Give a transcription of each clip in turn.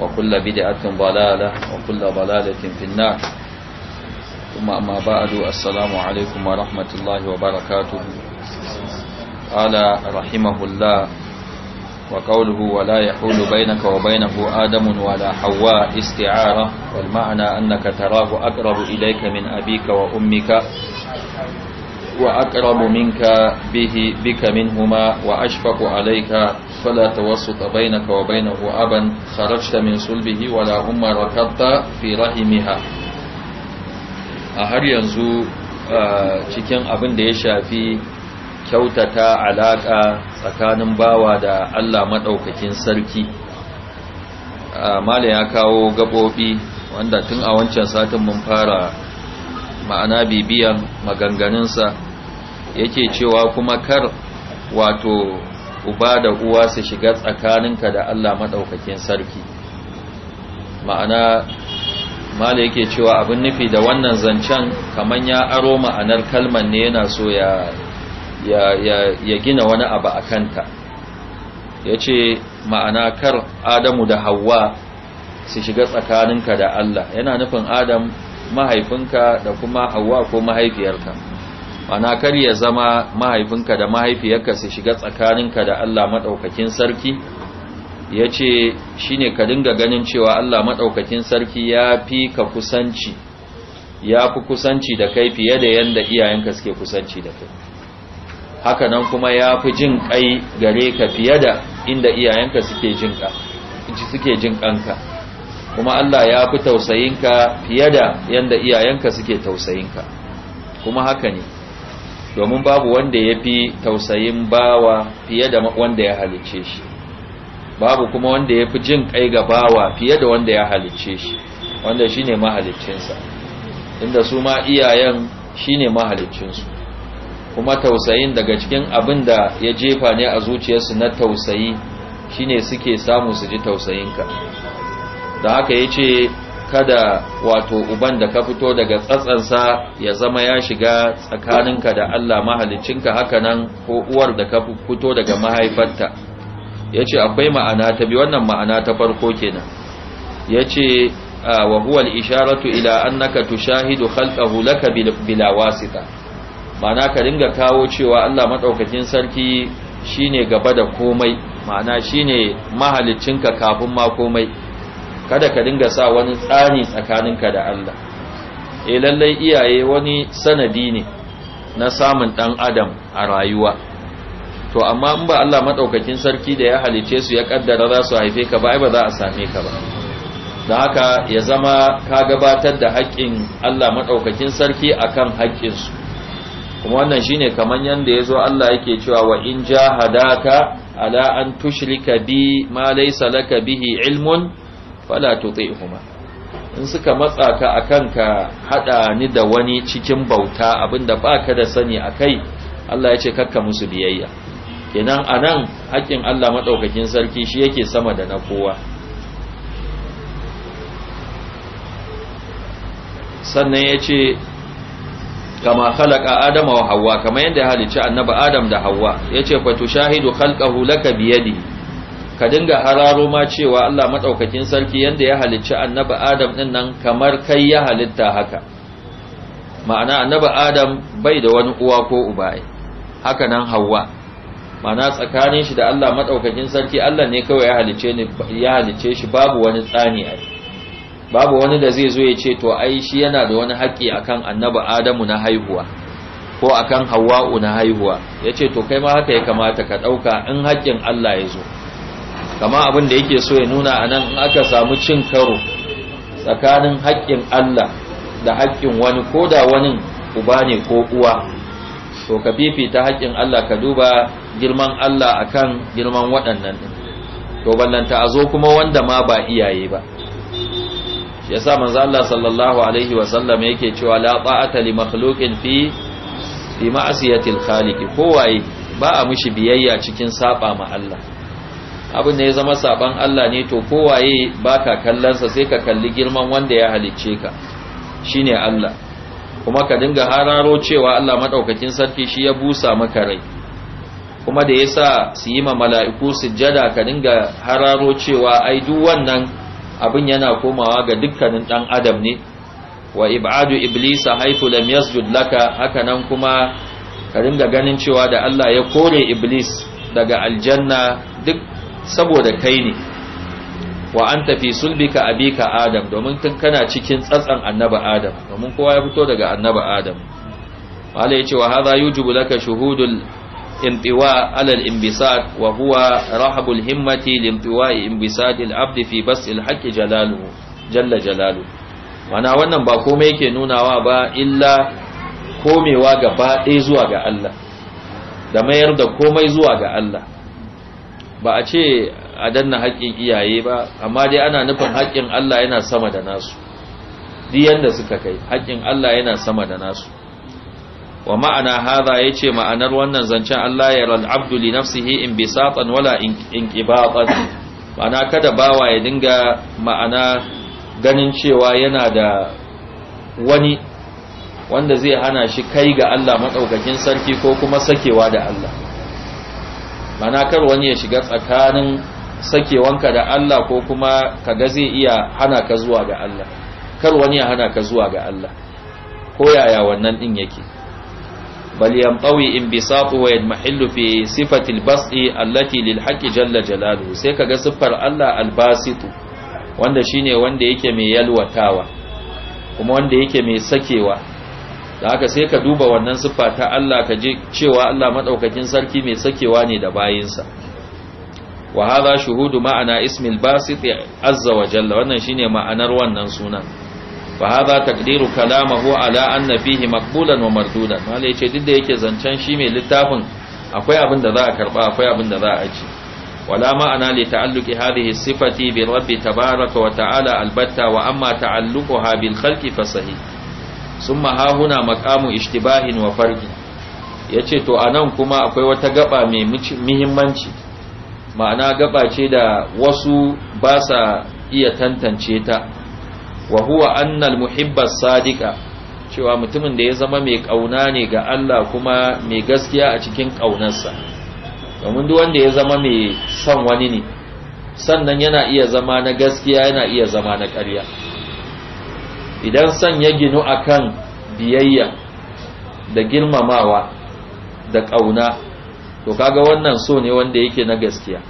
وكل بدعة ضلالة وكل ضلالة في النار ثم أما بعد السلام عليكم ورحمة الله وبركاته قال رحمه الله وقوله ولا يحول بينك وبينه آدم ولا حواء استعارة والمعنى أنك تراه أقرب إليك من أبيك وأمك وأقرب منك به بك منهما وأشفق عليك فلا توسط بينك وبينه أبا خرجت من صلبه ولا أم ركضت في رحمها أهر ينزو cikin abin da ya shafi kyautata alaƙa tsakanin bawa da Allah maɗaukakin sarki ah, mala ya kawo gaɓoɓi wanda tun a wancan satin mun fara ma'ana bibiyan maganganunsa yake cewa kuma kar wato uba da uwa su shiga tsakaninka da Allah maɗaukakin sarki ma'ana mala yake cewa abin nufi da wannan zancen kamar ya aro ma'anar kalman ne yana so ya, ya, ya, ya gina wani abu a kanta ya ce ma'ana kar adamu da hawa su shiga tsakaninka da Allah yana nufin adam mahaifinka da kuma hawa ko mahaifiyarka ana kar ya zama mahaifinka da mahaifiyarka su shiga tsakaninka da Allah maɗaukakin sarki yace shine ka dinga ganin cewa Allah maɗaukakin sarki ya fi ka kusanci ya fi kusanci da kai fiye da yadda iyayenka suke kusanci da kai haka nan kuma ya fi jin kai gare ka fiye da inda iyayenka suke jin ƙanka kuma Allah ya fi tausayinka fiye da yanda iyayenka suke tausayinka kuma haka ne domin babu wanda ya fi tausayin bawa fiye da wanda ya halicce shi babu kuma wanda ya fi jin kai ga bawa fiye da wanda ya halicce shi wanda shi ne mahaliccinsa inda su ma iyayen shi ne mahaliccinsu kuma tausayin daga cikin abin da ya jefa ne a zuciyarsu na tausayi shi ne suke samu su ji tausayinka da haka ya ce kada wato uban da ka fito daga tsatsansa ya zama ya shiga tsakaninka da Allah mahalicinka hakanan ko uwar da ka fito daga mahaifarta ya ce akwai ma'ana ta bi wannan ma'ana ta farko kenan ya ce wa huwal isharatu ila annaka tushahidu khalqahu laka bila wasita ma'ana ka ringa kawo cewa Allah madaukakin sarki shine gaba da komai ma'ana shine mahalicinka kafin ma komai kada ka dinga sa wani tsani tsakaninka da Allah eh lallai iyaye wani sanadi ne na samun dan adam a rayuwa to amma in ba Allah madaukakin sarki da ya halice su ya kaddara za su haife ka ba ai ba za a same ka ba da haka ya zama ka gabatar da haƙƙin Allah madaukakin sarki akan haƙƙin su kuma wannan shine kaman yanda yazo Allah yake cewa wa in jahadaka ala an tushrika bi ma laysa laka bihi ilmun fala tuti'huma in suka matsa ka akan ka hada ni da wani cikin bauta abinda baka da sani akai Allah ya ce kakka musu biyayya kenan anan hakkin Allah madaukakin sarki shi yake sama da na kowa sannan ya ce kama khalaqa adama wa Hauwa, kamar yadda ya halicci annabi adam da Hauwa, yace fa tushahidu khalqahu laka biyadihi ka dinga hararo ma cewa Allah madaukakin sarki yanda ya halicci annabi Adam din nan kamar kai ya halitta haka ma'ana annabi Adam bai da wani uwa ko uba haka nan Hawwa ma'ana tsakanin shi da Allah madaukakin sarki Allah ne kawai ya halicce ni ya halice shi babu wani tsani ai babu wani da zai zo ya ce to ai shi yana da wani haƙi akan annabi Adamu na haihuwa ko akan Hawwa'u na haihuwa yace to kai ma haka ya kamata ka dauka in haƙin Allah ya zo kama abin da yake so ya nuna a nan in aka samu cin karo tsakanin haƙƙin Allah da haƙƙin wani ko da wani uba ne ko uwa to ka fifita haƙƙin Allah ka duba girman Allah akan girman waɗannan ɗin to ballanta a zo kuma wanda ma ba iyaye ba ya sa manzo Allah sallallahu alaihi wa sallam yake cewa la ta'ata li makhluqin fi fi ma'siyatil khaliq kowaye ba a mishi biyayya cikin saba ma Allah abin da ya zama saban Allah ne to kowaye baka kallansa sai ka kalli girman wanda ya halicce ka shine Allah kuma ka dinga hararo cewa Allah madaukakin sarki shi ya busa maka rai kuma da yasa su yi ma mala'iku sujjada ka dinga hararo cewa ai duk wannan abin yana komawa ga dukkanin ɗan adam ne wa ib'adu iblisa haifu lam yasjud laka haka nan kuma ka dinga ganin cewa da Allah ya kore iblis daga aljanna duk saboda kai ne wa an tafi sulbika abika adam domin tun kana cikin tsatsan annaba adam domin kowa ya fito daga annaba adam wala yace wa hadha yujibu laka shuhudul intiwa ala al-inbisat wa huwa rahabul himmati limtiwa inbisat abdi fi bas al jalaluhu jalla jalaluhu wana wannan ba komai yake nunawa ba illa komewa gaba ɗaya zuwa ga Allah da mayar da komai zuwa ga Allah ba a ce a danna haƙƙin iyaye ba amma dai ana nufin haƙƙin Allah yana sama da nasu diyan da suka kai haƙƙin Allah yana sama da nasu wa ma'ana hadha yace ma'anar wannan zancen Allah ya ran abdu li nafsihi in bisatan wala in ma'ana kada bawa ya dinga ma'ana ganin cewa yana da wani wanda zai hana shi kai ga Allah madaukakin sarki ko kuma sakewa da Allah mana kar wani ya shiga tsakanin sakewanka da Allah ko kuma kaga zai iya hana ka zuwa ga Allah kar wani ya hana ka zuwa ga Allah ko yaya wannan din yake bal yamtawi inbisatu wa yadmahillu fi sifati albasti allati lil haqqi jalla jalalu sai kaga siffar Allah albasitu wanda shine wanda yake mai yalwatawa kuma wanda yake mai sakewa da haka sai ka duba wannan siffa ta Allah ka je cewa Allah madaukakin sarki mai sakewa ne da bayinsa wa hadha shuhudu ma'ana ismil basit azza wa jalla wannan shine ma'anar wannan sunan fa hadha taqdiru kalamahu ala anna fihi maqbulan wa mardudan malai yace duk da yake zancen shi mai littafin akwai abin da za a karba akwai abin da za a aji ولا معنى لتعلق wa Ta'ala Albatta wa amma البتة وأما تعلقها بالخلق فصحيح sun mahahuna makamu ishtibahin wa farki ya ce to a nan kuma akwai wata gaba mai muhimmanci ma'ana gaba ce da wasu ba sa iya tantance ta wa huwa annal muhibbas sadiqa cewa mutumin da ya zama mai kauna ne ga Allah kuma mai gaskiya a cikin kaunarsa domin duk wanda ya zama mai son wani ne sannan yana iya zama na gaskiya yana iya zama na ƙarya idan son ya ginu akan biyayya da girmamawa da ƙauna to kaga wannan so ne wanda yake na gaskiya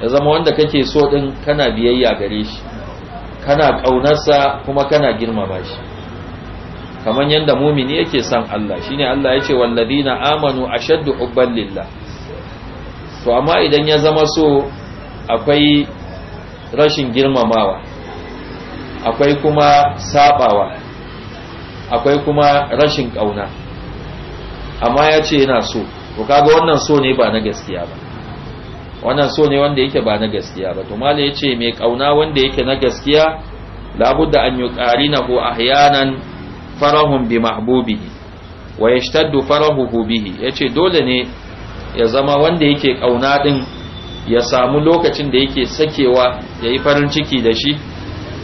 ya zama wanda kake so din kana biyayya gare shi kana ƙaunarsa kuma kana girmama shi kamar yadda mumini yake son Allah shine Allah ya ce na amanu ashaddu hubban lillah to amma idan ya zama so akwai rashin girmamawa akwai kuma sabawa akwai kuma rashin kauna amma ya ce yana so to kaga wannan so ne ba na gaskiya ba wannan so ne wanda yake ba na gaskiya ba to malai yace mai kauna wanda yake na gaskiya labudda an ko ahyanan farahun bi mahbubihi wa yashtaddu farahuhu bihi yace dole ne ya zama wanda yake kauna din ya samu lokacin da yake sakewa ya yi farin ciki da shi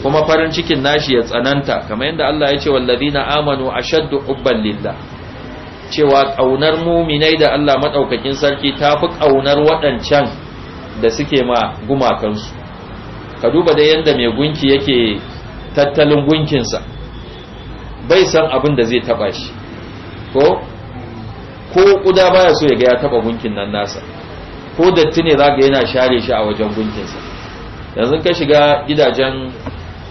kuma farin cikin nashi ya tsananta kamar yadda Allah ya ce wallazina amanu ashaddu hubban lillah cewa kaunar muminai da Allah madaukakin sarki tafi kaunar waɗancan da suke ma gumakansu ka duba da yadda mai gunki yake tattalin gunkinsa bai san abin da zai taba shi ko ko kuda baya so ya ga ya taba gunkin nan nasa ko datti ne zaka yana share shi a wajen gunkinsa yanzu ka shiga gidajen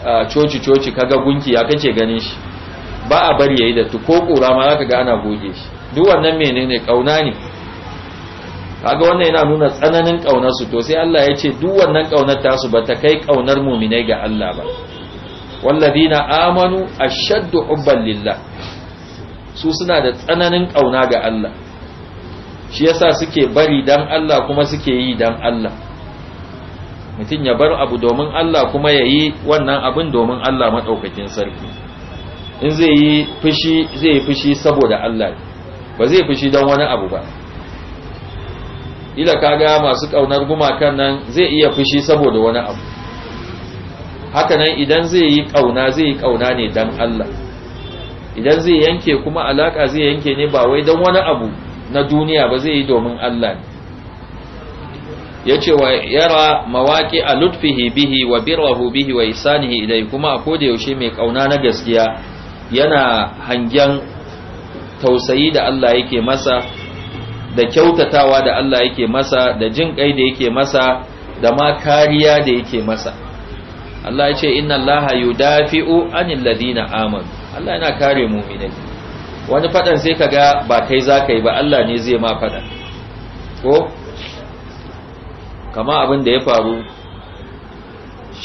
coci-coci kaga gunki ya kake ganin shi ba a bari yayi da tu ko kura ma zaka ga ana goge shi duk wannan menene kauna ne kaga wannan yana nuna tsananin kaunar su to sai Allah ya ce duk wannan kaunar ta su ta kai kaunar mu'minai ga Allah ba walladina amanu ashaddu hubban lillah su suna da tsananin kauna ga Allah shi yasa suke bari dan Allah kuma suke yi dan Allah mutum ya bar abu domin Allah kuma ya yi wannan abin domin Allah maɗaukakin sarki in zai yi fushi zai yi fushi saboda Allah ba zai fushi don wani abu ba ila kaga masu ƙaunar gumakan nan zai iya fushi saboda wani abu haka nan idan zai yi ƙauna zai yi ƙauna ne don Allah idan zai yanke kuma alaƙa zai yanke ne ba wai don wani abu na duniya ba zai yi domin Allah ne Ya ce, wa yara mawaƙi a lutfihi bihi wa birrahu bihi wa isanihi idai kuma a koda yaushe mai kauna na gaskiya yana hangen tausayi da Allah yake masa da kyautatawa da Allah yake masa da jin kai da yake masa da ma kariya da yake masa Allah ya ce inna Allaha yudafi'u anil ladina Aman. Allah yana kare mu'minai wani fadan sai kaga ba kai zakai ba Allah ne zai ma fada ko kama abin da ya faru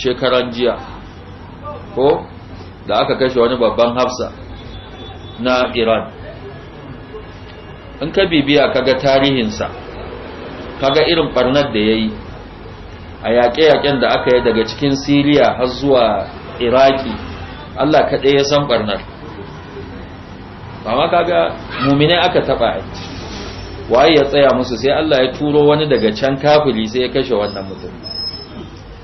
shekaran jiya ko da aka kashe wani babban hafsa na iran in ka bibiya ka kaga tarihinsa kaga irin barnar da ya yi a yaƙe-yaƙen da aka yi daga cikin siriya har zuwa iraki allah kaɗai ya san barnar ba ma kaga mummina aka taɓa aiki waye ya tsaya musu sai Allah ya turo wani daga can kafiri sai ya kashe wannan mutum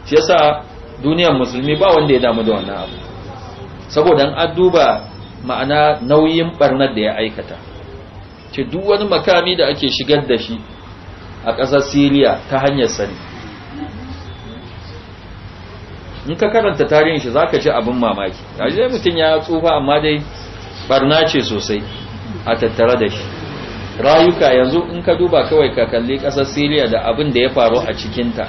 shi yasa duniyar musulmi ba wanda ya damu da wannan abu saboda an duba ma'ana nauyin barnar da ya aikata ce duk wani makami da ake shigar da shi a ƙasar Siriya ta hanyar sani in ka karanta tarihin shi zaka ji abin mamaki kaje mutum ya tsufa amma dai barna ce sosai a tattare da shi rayuka yanzu in ka duba kawai ka kalli ƙasar Siriya da abin da ya faru a cikinta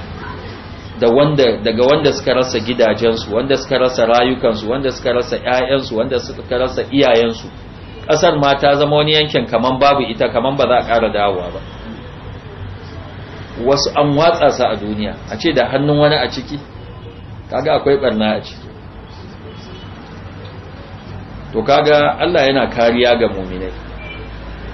daga wanda suka rasa gidajensu wanda suka rasa rayukansu wanda suka rasa 'ya'yansu, wanda suka rasa iyayensu ƙasar ma ta zama wani yankin kaman babu ita kamar ba za a ƙara dawowa ba wasu an watsa sa a duniya a ce da hannun wani a ciki kaga akwai barna a ciki to kaga Allah yana kariya ga muminai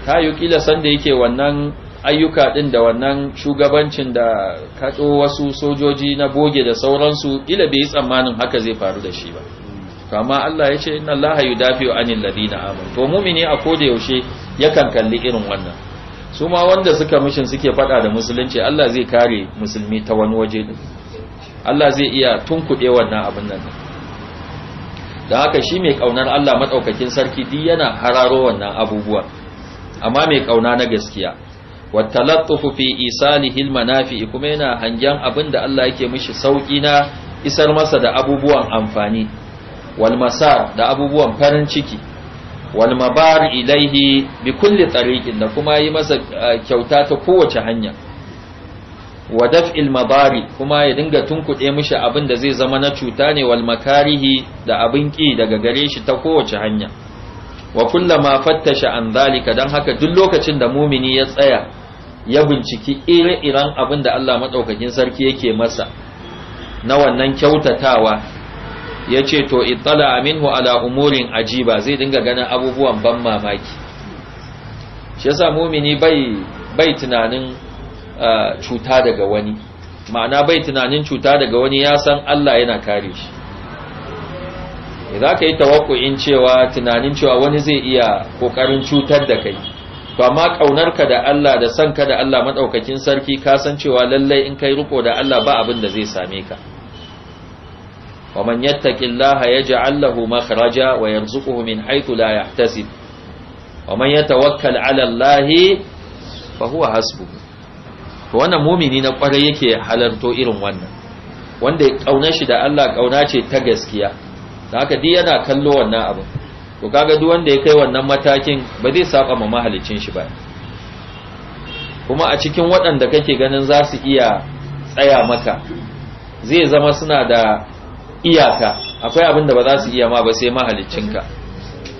ka yi kila sanda yake wannan ayyuka din da wannan shugabancin da katso wasu sojoji na boge da sauransu ƙila bai yi tsammanin haka zai faru da shi ba kama Allah ya ce inna Allah yudafi'u anil ladina amanu to mu'mini a koda yaushe yakan kalli irin wannan su ma wanda suka mishin suke faɗa da musulunci Allah zai kare musulmi ta wani waje din Allah zai iya tunkuɗe wannan abin nan da haka shi mai ƙaunar Allah madaukakin sarki duk yana hararo wannan abubuwan. amma mai kauna na gaskiya wattalattufu fi isalihi almanafi kuma yana hangen abin da Allah yake mishi sauki na isar masa da abubuwan amfani wal masar da abubuwan farin ciki wal mabar ilaihi bi kulli tariqin da kuma yi masa eh, kyauta ta kowace hanya wa daf'il mabari kuma ya dinga tunkuɗe mishi abin da zai zama na cuta ne wal makarihi da abin ki daga gare shi ta kowace hanya wa kullama fattasha an zalika dan haka duk lokacin da mumini ya tsaya ya binciki ire-iren abin da Allah madaukakin sarki yake masa na wannan kyautatawa yace to ittala minhu ala umurin ajiba zai dinga ganin abubuwan ban mamaki shi yasa mumini bai bai tunanin cuta daga wani ma'ana bai tunanin cuta daga wani ya san Allah yana kare shi za ka yi tawakkuin cewa tunanin cewa wani zai iya kokarin cutar da kai to amma kaunarka da Allah da sanka da Allah madaukakin sarki ka san cewa lallai in kai riko da Allah ba abin da zai same ka wa man yattaqillaha yaj'al lahu makhraja wa yarzuquhu min haythu la yahtasib wa man yatawakkal 'ala Allah fa huwa hasbuhu to wannan mumini na kwarai yake halarto irin wannan wanda ya kauna shi da Allah kauna ce ta gaskiya da haka duk yana kallo wannan abin to kaga duk wanda ya kai wannan matakin ba zai saba ma mahalicin shi ba kuma a cikin waɗanda kake ganin za su iya tsaya maka zai zama suna da iyaka akwai abin da ba za su iya ma ba sai mahalicinka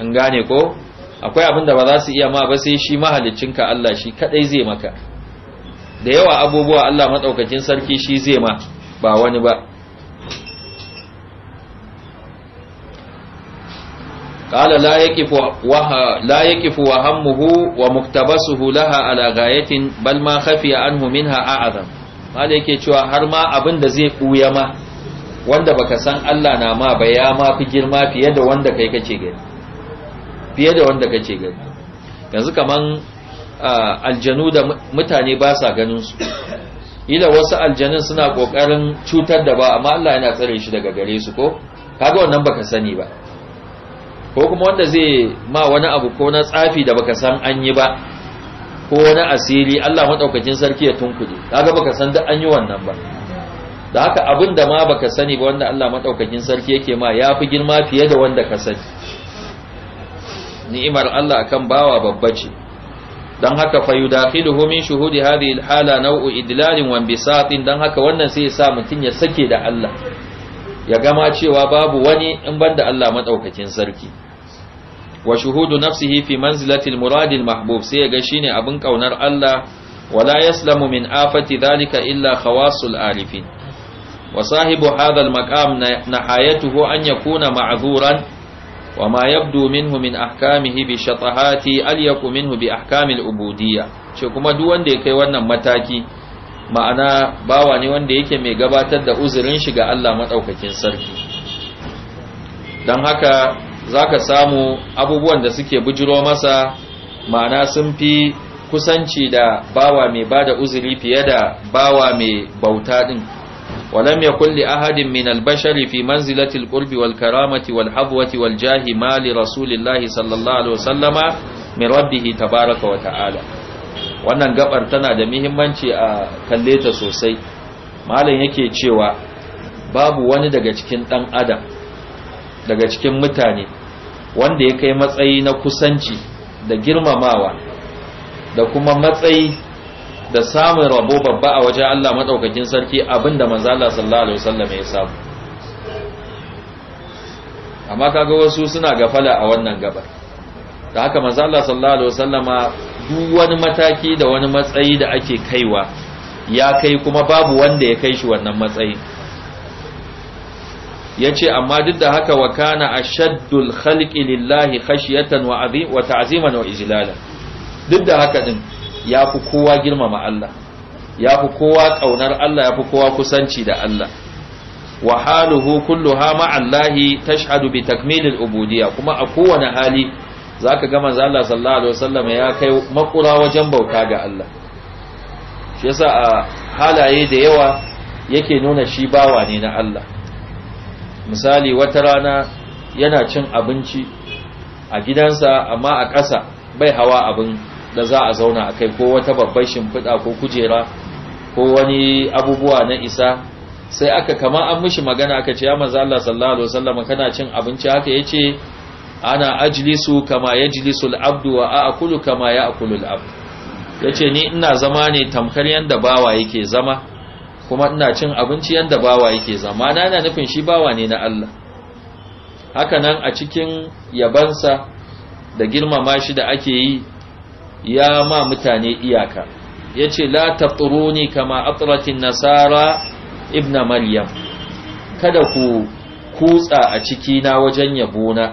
an gane ko akwai abin da ba za su iya ma ba sai shi mahalicinka Allah shi kadai zai maka da yawa abubuwa Allah madaukakin sarki shi zai ma ba wani ba قال لا يقف وها لا يقف وهمه ومقتبسه لها على غايه بل ما خفي عنه منها اعظم قال yake cewa har ma abin da zai buya ma wanda baka san Allah na ma baya ma fi girma fiye da wanda kai kace gani fiye da wanda kace gani yanzu kaman aljanu da mutane ba sa ganin su ila wasu aljanun suna kokarin cutar da ba amma Allah yana tsare shi daga gare su ko kaga wannan baka sani ba ko kuma wanda zai ma wani abu ko na tsafi da baka san an yi ba ko wani asiri Allah madaukakin sarki ya tunkuɗe kaga baka san duk an yi wannan ba da haka abin da ma baka sani ba wanda Allah madaukakin sarki yake ma yafi girma fiye da wanda ka sani ni'imar Allah akan bawa babba ce dan haka fa yudakhiluhu min shuhudi hadhihi alhala naw'u idlalin wa bisatin dan haka wannan sai ya sa mutun ya sake da Allah ya gama cewa babu wani in banda Allah madaukakin sarki wa shuhudu nafsihi fi manzilatil muradil mahbub sai ya ga shine abin kaunar Allah wala yaslamu min afati dhalika illa khawasul arifin wa sahibu hadha al maqam nahayatuhu an yakuna ma'dhuran wa ma yabdu minhu min ahkamihi bi shatahati al yaku minhu bi ahkamil ubudiyya ce kuma duk wanda ya kai wannan mataki ma'ana bawa ne wanda yake mai gabatar da uzurin shi ga Allah madaukakin sarki dan haka za ka samu abubuwan da suke bujiro masa ma'ana sun fi kusanci da bawa mai bada uzuri fiye da bawa mai bauta ɗin walam ya kulli ahadin min albashari fi manzilatil qurbi wal karamati wal habwati wal jahi ma li rasulillahi sallallahu alaihi wasallama min rabbihi tabaraka wa ta'ala wannan gabar tana da muhimmanci a kalle ta sosai malam yake cewa babu wani daga cikin dan adam daga cikin mutane wanda ya kai matsayi na kusanci da girmamawa da kuma matsayi da samun rabo babba a wajen Allah maɗaukakin sarki abinda manzala sallallahu alaihi wasallam ya samu amma kaga wasu suna gafala a wannan gabar da haka manzala sallallahu alaihi wasallama duk wani mataki da wani matsayi da ake kaiwa ya kai kuma babu wanda ya kai shi wannan matsayin Ya ce amma duk da haka wa kana ashaddul khalqi lillahi khashyatan wa azim wa ta'ziman wa duk da haka din yafi kowa girmama Allah yafi kowa kaunar Allah fi kowa kusanci da Allah wa haluhu kulluha ma'allahi tashhadu bi takmilil ubudiyya kuma a kowane hali zaka ga manzo Allah sallallahu alaihi wasallam ya kai makura wajen bauta ga Allah shi yasa a halaye da yawa yake nuna shi bawa ne na Allah misali wata rana yana cin abinci a gidansa amma a ƙasa bai hawa abin da za a zauna a kai ko wata babbar shimfiɗa ko kujera ko wani abubuwa na isa sai aka kama an mishi magana aka ce ya manzo Allah sallallahu alaihi wasallam kana cin abinci haka yace ana ajlisu kama yajlisul abdu wa aakulu kama yaakulul abd yace ni ina zama ne tamkar yanda bawa yake zama kuma ina cin abinci yadda bawa yake zama na yana nufin shi bawa ne na Allah haka nan a cikin yabansa da girmama shi da ake yi ya ma mutane iyaka yace ce la tafturuni kama atratin nasara ibn maryam kada ku kutsa a ciki na wajen yabona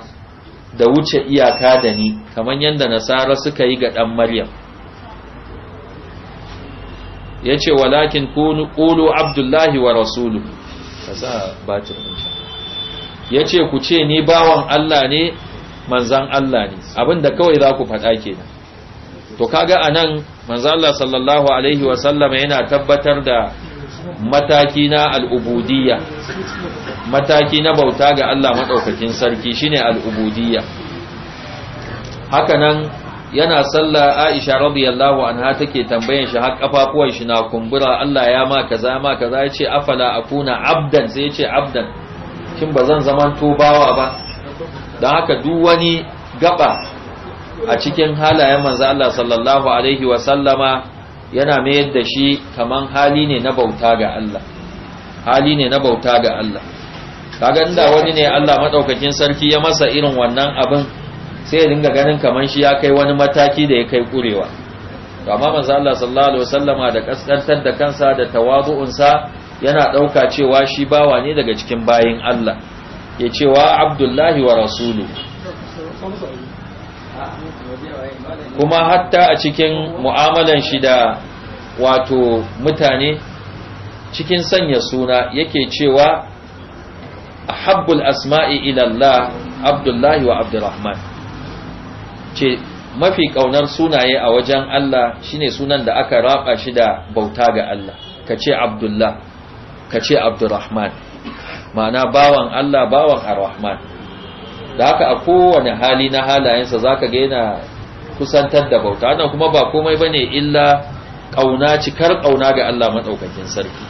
da wuce iyaka da ni kamar yadda nasara suka yi ga ɗan maryam ya ce walakin ƙulu abdullahi wa rasulu ya ce ku ce ni bawan Allah ne manzan Allah ne abinda kawai za ku faɗa ke nan to kaga a nan manzan Allah sallallahu Alaihi wasallama yana tabbatar da mataki na al'ubudiyya mataki na bauta ga Allah maɗaukakin sarki shine al'ubudiyya haka nan yana sallah Aisha radiyallahu anha take tambayan shi har kafafuwan shi na kumbura Allah ya ma kaza ma kaza yace afala akuna abdan sai yace abdan kin bazan zaman tobawa ba dan haka duk wani gaba a cikin halayen manzo Allah sallallahu alaihi wa sallama yana mayar da shi kaman hali ne na bauta ga Allah hali ne na bauta ga Allah kaga inda wani ne Allah madaukakin sarki ya masa irin wannan abin sai ya dinga ganin kamar shi ya kai wani mataki da ya kai kurewa amma manzo Allah sallallahu alaihi wasallama da kaskantar da kansa da sa yana dauka cewa shi bawa ne daga cikin bayin Allah ya cewa abdullahi wa rasulu kuma hatta a cikin mu'amalan shi da wato mutane cikin sanya suna yake cewa ahabbul asma'i ila Allah abdullahi wa abdurrahman ce mafi kaunar sunaye a wajen Allah shine sunan da aka raba shi da bauta ga Allah ka ce Abdullah ka ce Abdurrahman ma'ana bawan Allah bawan ar da haka a kowane hali na halayensa zaka ga yana kusantar da bauta wannan kuma ba komai bane illa kauna cikar kauna ga Allah madaukakin sarki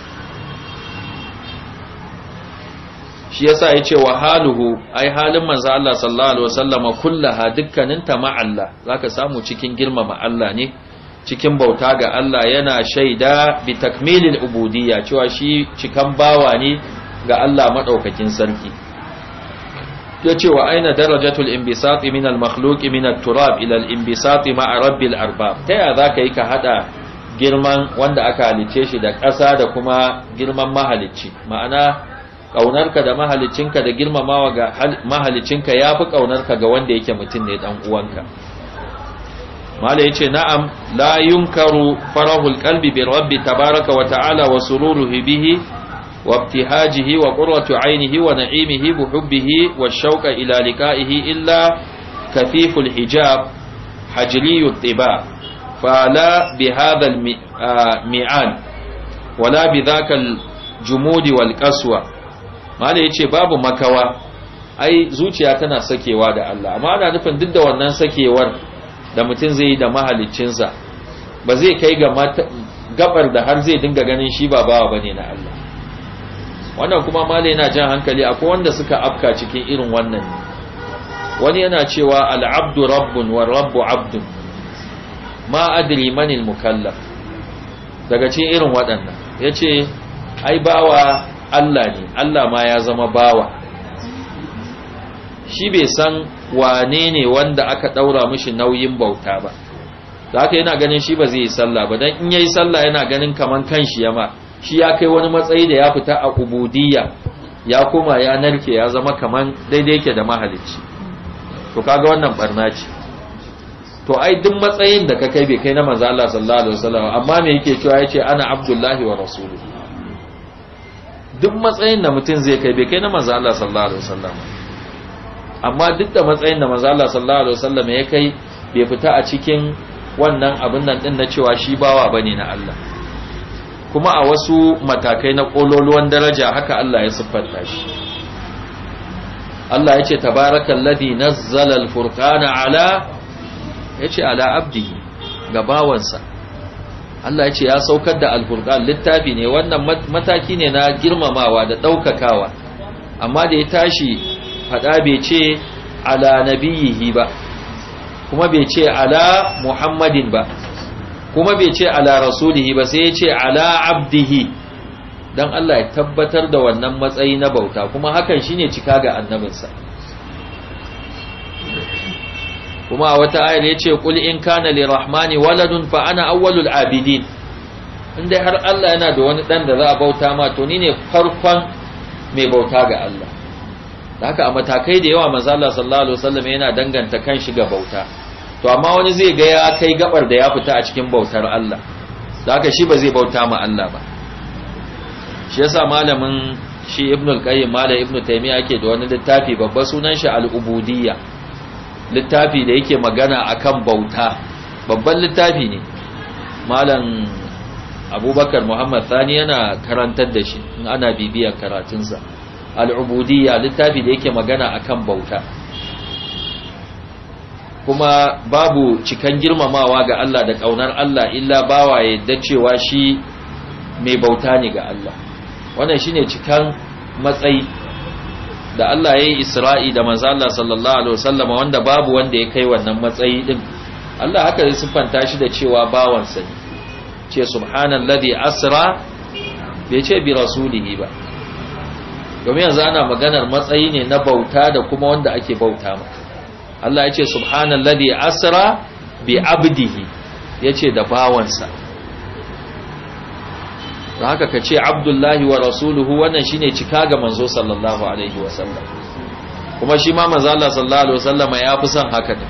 shi yasa ya ce wa haluhu ai halin manzo Allah sallallahu alaihi wasallama kullaha dukkaninta ma Allah zaka samu cikin girmama Allah ne cikin bauta ga Allah yana shaida bi takmilil ubudiyya cewa shi cikan bawa ne ga Allah madaukakin sarki ce wa aina darajatul inbisati min al makhluq min at turab ila al inbisati ma rabbil arbab ta ya zaka yi ka hada girman wanda aka halice shi da ƙasa da kuma girman mahalicci ma'ana kaunarka da mahalicinka da girmamawa ga mahalicinka yafi kaunarka ga wanda yake mutum ne dan uwanka mala yace na'am la yunkaru farahul qalbi bi rabbi tabaaraka wa ta'ala wa sururuhu bihi wa ibtihajihi wa qurratu 'ainihi wa na'imihi bi hubbihi wa shauqa ila liqa'ihi illa kafiful hijab hajliyut tiba fala bi hadha al mi'an wala bi dhaka al jumudi wal qaswa mala ya ce babu makawa ai zuciya tana sakewa da Allah amma ana nufin duk da wannan sakewar da mutum zai yi da mahaliccinsa ba zai kai ga gabar da har zai dinga ganin shi ba bawa bane na Allah wannan kuma mala yana jan hankali akwai wanda suka afka cikin irin wannan wani yana cewa al'abdu rabbun wa rabbu abdun ma adri manil mukallaf daga cikin irin waɗannan yace ai bawa Allah ne Allah ma ya zama bawa shi bai san wane ne wanda aka daura mishi nauyin bauta ba da haka yana ganin shi ba zai yi sallah ba dan in yayi sallah yana ganin kaman kanshi ma. shi ya kai wani matsayi da ya fita a ubudiyya ya koma ya narke ya zama kaman daidai yake da mahalicci to kaga wannan barna ce to ai duk matsayin da ka kai bai kai na manzo Allah sallallahu alaihi wasallam amma me yake cewa yace ana abdullahi wa rasuluhu duk matsayin da mutum zai kai bai kai na manzo Allah sallallahu alaihi wasallam amma duk da matsayin da manzo Allah sallallahu alaihi wasallam ya kai bai fita a cikin wannan abin nan din na cewa shi bawa bane na Allah kuma a wasu matakai na kololuwan daraja haka Allah ya siffanta shi Allah ya ce tabarakallazi nazzala alfurqana ala yace ala Abdi ga bawansa Allah ya ce ya saukar da alfurqan littafi ne wannan mataki ne na girmamawa da ɗaukakawa amma da ya tashi faɗa bai ce ala nabiyihi ba kuma bai ce ala muhammadin ba kuma bai ce ala rasulihi ba sai ya ce ala abdihi Don Allah ya tabbatar da wannan matsayi na bauta kuma hakan shine cika ga annabinsa kuma a wata ayar ya ce kul in kana li rahmani waladun fa ana awwalul abidin in dai har Allah yana da wani dan da za a bauta ma to ni ne farkon mai bauta ga Allah da haka a matakai da yawa manzo Allah sallallahu alaihi wasallam yana danganta kanshi ga bauta to amma wani zai ga ya kai gabar da ya fita a cikin bautar Allah da haka shi ba zai bauta ma Allah ba shi yasa malamin shi ibn al-qayyim malam ibnu taymiya yake da wani littafi babba sunan shi al-ubudiyya littafi da yake magana akan bauta babban littafi ne malam abubakar muhammad sani yana karantar da shi in ana bibiyar karatunsa al'ubudiyya littafi da yake magana akan bauta kuma babu cikan girmamawa ga Allah da ƙaunar Allah illa bawa yadda cewa shi mai bauta ne ga Allah wannan shine cikan matsayi da Allah ya yi isra'i da manzo Allah sallallahu alaihi wasallam wanda babu wanda ya kai wannan matsayi din Allah haka ya siffanta shi da cewa bawansa ne ce subhanallazi asra bai ce bi rasulihi ba domin yanzu ana maganar matsayi ne na bauta da kuma wanda ake bauta ma Allah ya ce subhanallazi asra bi abdihi yace da bawansa da haka ka ce abdullahi wa rasuluhu wannan shine cika ga manzo sallallahu alaihi wasallam kuma shi ma manzo Allah sallallahu alaihi wasallama ya fi son haka ne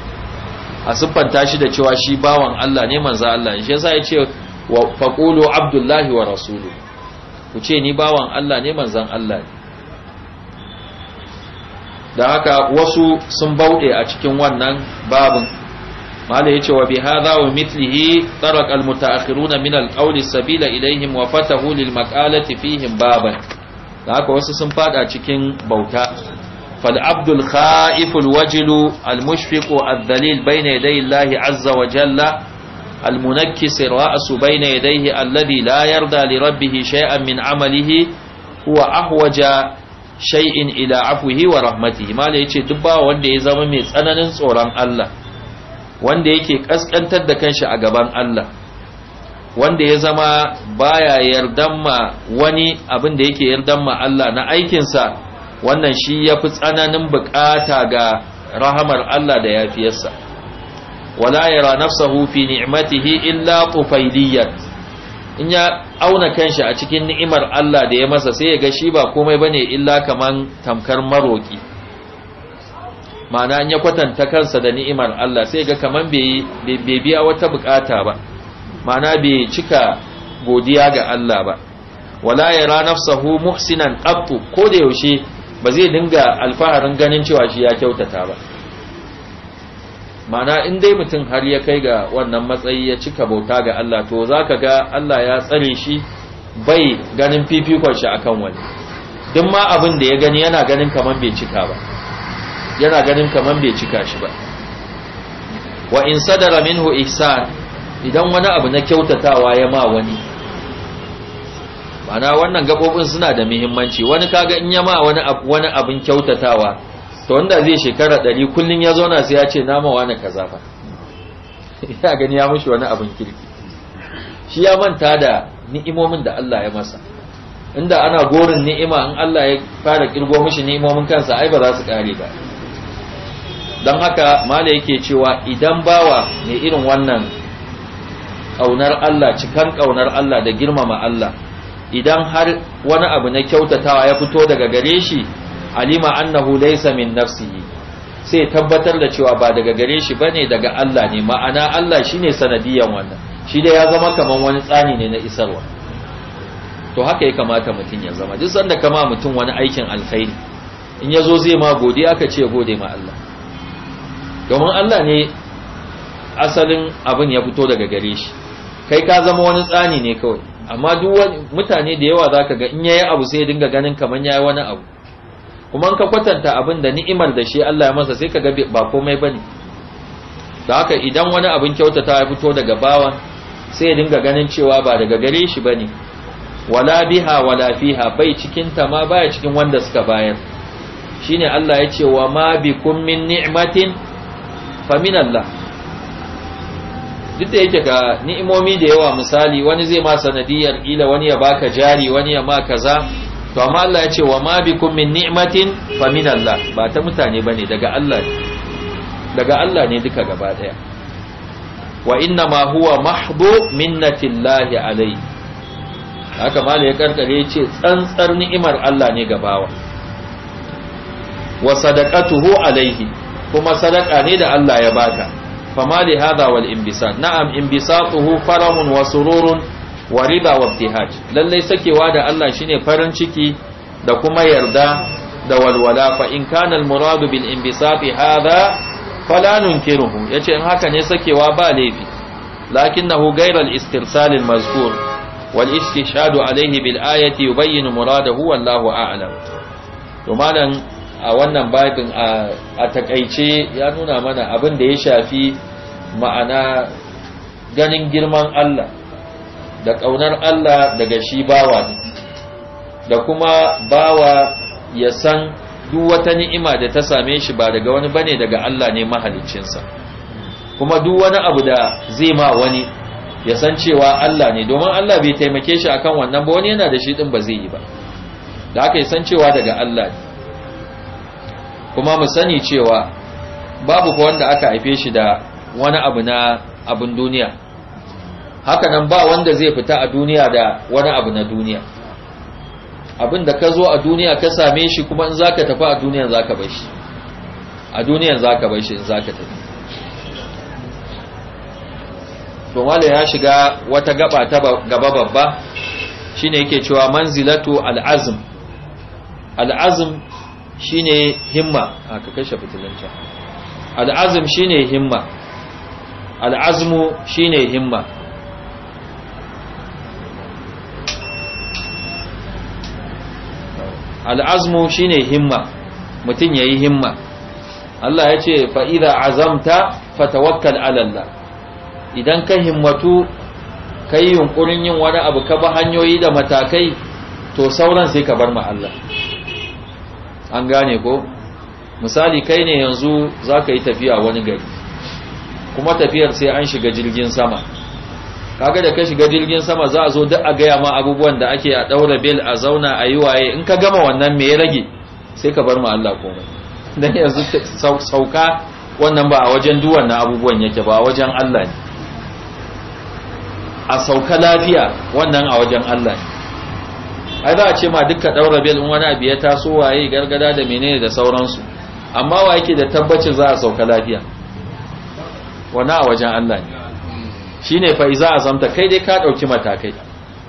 a siffanta shi da cewa shi bawan Allah ne manzo Allah shi yasa ya ce wa faqulu abdullahi wa rasuluhu ku ce ni bawan Allah ne manzon Allah ne da haka wasu sun bauɗe a cikin wannan babin mala yace wa bi hadha wa mithlihi tarak al mutaakhiruna min al qawli sabila ilaihim wa fatahu lil maqalati fihim baban haka wasu sun fada cikin bauta fal abdul khaif al wajil al mushfiq al dhalil bayna yaday allah azza wa jalla al munakkis ra'su bayna yadayhi alladhi la yarda li rabbih shay'an min amalihi huwa ahwaja shay'in ila afwihi wa rahmatihi mala yace duk ba wanda ya zama mai tsananin tsoron Allah wanda yake kaskantar da kanshi a gaban Allah wanda ya zama baya yardan ma wani abin da yake yardan ma Allah na aikinsa wannan shi ya fi tsananin bukata ga rahamar Allah da yafiyarsa wala yara nafsahu fi ni'matihi illa qufayliyat in ya auna kanshi a cikin ni'imar Allah da ya masa sai ya ga shi ba komai bane illa kaman tamkar maroki ma'ana in ya kwatanta kansa da ni'imar Allah sai ga kaman bai bai biya wata bukata ba ma'ana bai cika godiya ga Allah ba wala yara nafsahu muhsinan qattu ko da yaushe ba zai dinga alfaharin ganin cewa shi ya kyautata ba ma'ana in dai mutum har ya kai ga wannan matsayi ya cika bauta ga Allah to zaka ga Allah ya tsare shi bai ganin fifikon shi akan wani duk ma abin da ya gani yana ganin kaman bai cika ba yana ganin kaman bai cika shi ba wa in sadara minhu ihsan idan wani abu na kyautatawa ya ma wani mana wannan gabobin suna da muhimmanci wani kaga in ya ma wani wani abin kyautatawa to wanda zai shekara 100 kullun ya zauna sai ya ce na ma wani kaza fa ya gani ya mushi wani abin kirki shi ya manta da ni'imomin da Allah ya masa inda ana gorin ni'ima in Allah ya fara kirgo mishi ni'imomin kansa ai ba za su kare ba don haka mala yake cewa idan bawa mai irin wannan ƙaunar Allah cikan ƙaunar Allah da girmama Allah idan har wani abu na kyautatawa ya fito daga gare shi alima annahu laysa min nafsihi sai tabbatar da cewa ba daga gare shi bane daga Allah ne ma'ana Allah shine sanadiyan wannan shi da ya zama kaman wani tsani ne na isarwa to haka ya kamata mutum ya zama duk sanda kama mutum wani aikin alkhairi in yazo zai ma gode, aka ce gode ma Allah domin Allah ne asalin abin ya fito daga gare shi kai ka zama wani tsani ne kawai amma duk mutane da yawa zaka ga in yayi abu sai ya dinga ganin kaman yayi wani abu kuma in ka kwatanta abin da ni'imar da shi Allah ya masa sai ka ga ba komai bane da haka idan wani abin kyautata ya fito daga bawa sai ya dinga ganin cewa ba daga gare shi bane wala biha wala fiha bai cikin ta ma baya cikin wanda suka bayar shine Allah ya ce wa ma bikum min ni'matin famin Allah duk da yake ga ni'imomi da yawa misali wani zai ma sanadiyar ila, wani ya baka jari wani ya ma kaza to amma Allah ya ce wa ma bikum min ni'matin famin Allah ba ta mutane bane daga Allah daga Allah ne duka gaba daya wa inna ma huwa mahdu minnatillahi alayhi haka mala ya karkare ya ce tsantsar ni'imar Allah ne gabawa wa sadaqatuhu alaihi. kuma sadaka ne da Allah ya baka fama li hadha wal inbisat na'am inbisatuhu farahun wa sururun wa riba wa ibtihaj lalle sakewa da Allah shine farin ciki da kuma yarda da walwala fa in kana al muradu bil inbisati hadha fala nunkiruhu yace in haka ne sakewa ba laifi lakinnahu ghayra al istirsal al mazkur wal istishhadu alayhi bil ayati bayyana muradahu wallahu a'lam to malan a wannan babin a takaice ya nuna mana abin da ya shafi ma'ana ganin girman Allah da ƙaunar Allah daga shi bawa ne da kuma bawa ya san duk wata ni'ima da ta same shi ba daga wani bane daga Allah ne mahaliccinsa kuma duk wani abu da zai ma wani ya san cewa Allah ne domin Allah bai taimake shi akan wannan ba wani yana da shi din ba zai yi ba da aka yi san cewa daga Allah ne kuma mu sani cewa babu ko wanda aka haife shi da wani abu na abin duniya haka nan ba wanda zai fita a duniya da wani abu na duniya abin da ka zo a duniya ka same shi kuma in zaka tafi a duniya zaka bar shi a duniya zaka bar shi in zaka tafi to ya shiga wata gaba ta gaba babba shine yake cewa manzilatu al-azm al-azm shine himma aka kashe shine himma al'azmu shine himma al'azmu shine himma mutum yayi himma Allah ya ce fa'iza azamta fatawakkal alalla idan ka himmatu ka yi yunkurin yin wani abu ka ba hanyoyi da matakai to sauran sai ka bar ma Allah an gane ko misali kai ne yanzu za ka yi tafiya wani gari kuma tafiyar sai an shiga jirgin sama kaga da ka shiga jirgin sama za a zo duk a gaya ma abubuwan da ake a ɗaura bel a zauna a yi waye in ka gama wannan me ya rage sai ka bar ma Allah komai dan yanzu sauka wannan ba a wajen duwan na abubuwan yake ba wajen Allah ne a sauka lafiya wannan a wajen Allah ne ai za a ce ma dukka daura bel in wani abu ya taso waye gargada da menene da sauransu amma wa yake da tabbacin za a sauka lafiya Wani a wajen Allah ne shine fa iza azamta kai dai ka ɗauki matakai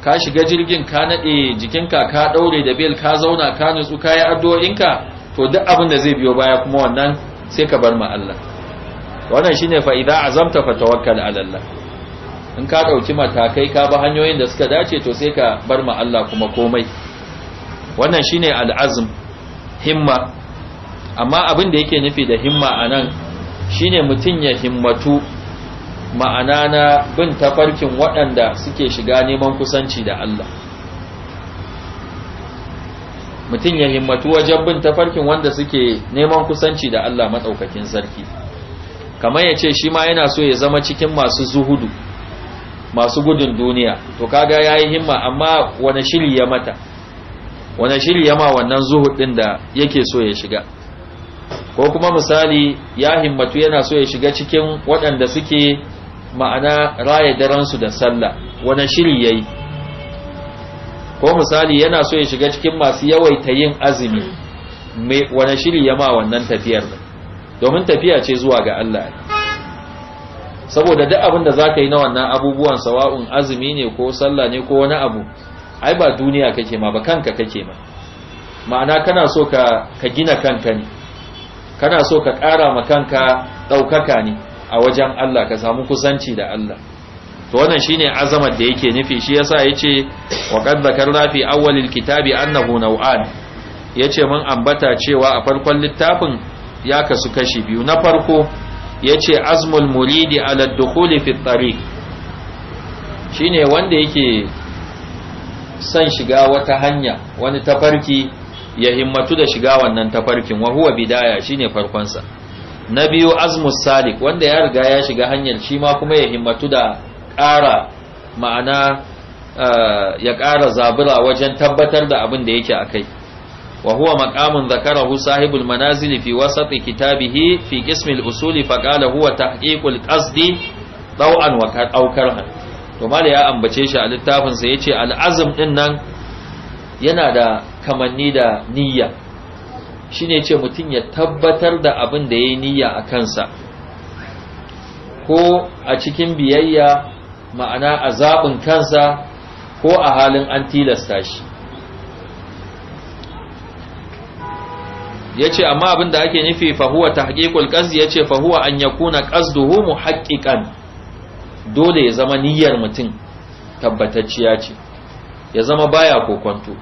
ka shiga jirgin ka naɗe jikinka ka ɗaure da bel ka zauna ka nutsu ka yi addu'o'inka to duk abin da zai biyo baya kuma wannan sai ka bar ma Allah wannan shine fa iza azamta fa tawakkal ala Allah in ka ɗauki matakai ka ba hanyoyin da suka dace to sai ka bar ma Allah kuma komai wannan shine al'azm himma amma abin da yake nufi da himma anan shine mutun ya himmatu ma'ana na bin tafarkin waɗanda suke shiga neman kusanci da Allah mutum ya himmatu wajen bin tafarkin wanda suke neman kusanci da Allah maɗaukakin sarki kamar yace ce shi ma yana so ya zama cikin masu zuhudu masu gudun duniya to kaga ya yi himma amma wani shiri ya mata wani shiri ya ma wannan zuhud din da yake so ya shiga ko kuma misali ya himmatu yana so ya shiga cikin waɗanda suke ma'ana raya daren da sallah wani shiri yayi ko misali yana so ya shiga cikin masu yawaita yin azumi wani shiri ya ma wannan tafiyar domin tafiya ce zuwa ga Allah ne saboda duk abin da za ka yi na wannan abubuwan sawa'un azumi ne ko sallah ne ko wani abu ai ba duniya kake ma ba kanka kake ma ma'ana kana so ka, ka gina kanka ne kana so ka ƙara ma kanka ɗaukaka ne a wajen Allah ka samu kusanci da Allah to wannan shine azamar da yake nufi shi yasa yace wa qad rafi fi awwalil kitabi annahu naw'an yace mun ambata cewa a farkon littafin ya kasu kashi biyu na farko yace azmul muridi ala dukhuli fi tariq shine wanda yake son shiga wata hanya wani tafarki ya himmatu da shiga wannan tafarkin wa huwa bidaya shine farkon sa na biyu azmus salik wanda ya riga ya shiga hanyar shi ma kuma ya himmatu da ƙara ma'ana eh, ya ƙara zabura wajen tabbatar da abin da yake akai wa huwa maqamun zakarahu sahibul manazil fi wasati kitabihi fi qismil usuli fa qala huwa tahqiqul qasdi taw'an wa aukar to mala ya ambace shi a littafinsa sa yace al ɗin nan yana da kamanni da niyya shine yace mutum ya tabbatar da abin da ya yi niyya a kansa ko a cikin biyayya ma'ana a zaɓin kansa ko a halin an tilasta shi Ya ce, amma abin da ake nufi fahuwa huwa tahqiqul qasd yace Fahuwa huwa an yakuna qasduhu muhaqqiqan dole ya zama niyyar mutum tabbatacciya ce ya zama baya kokonto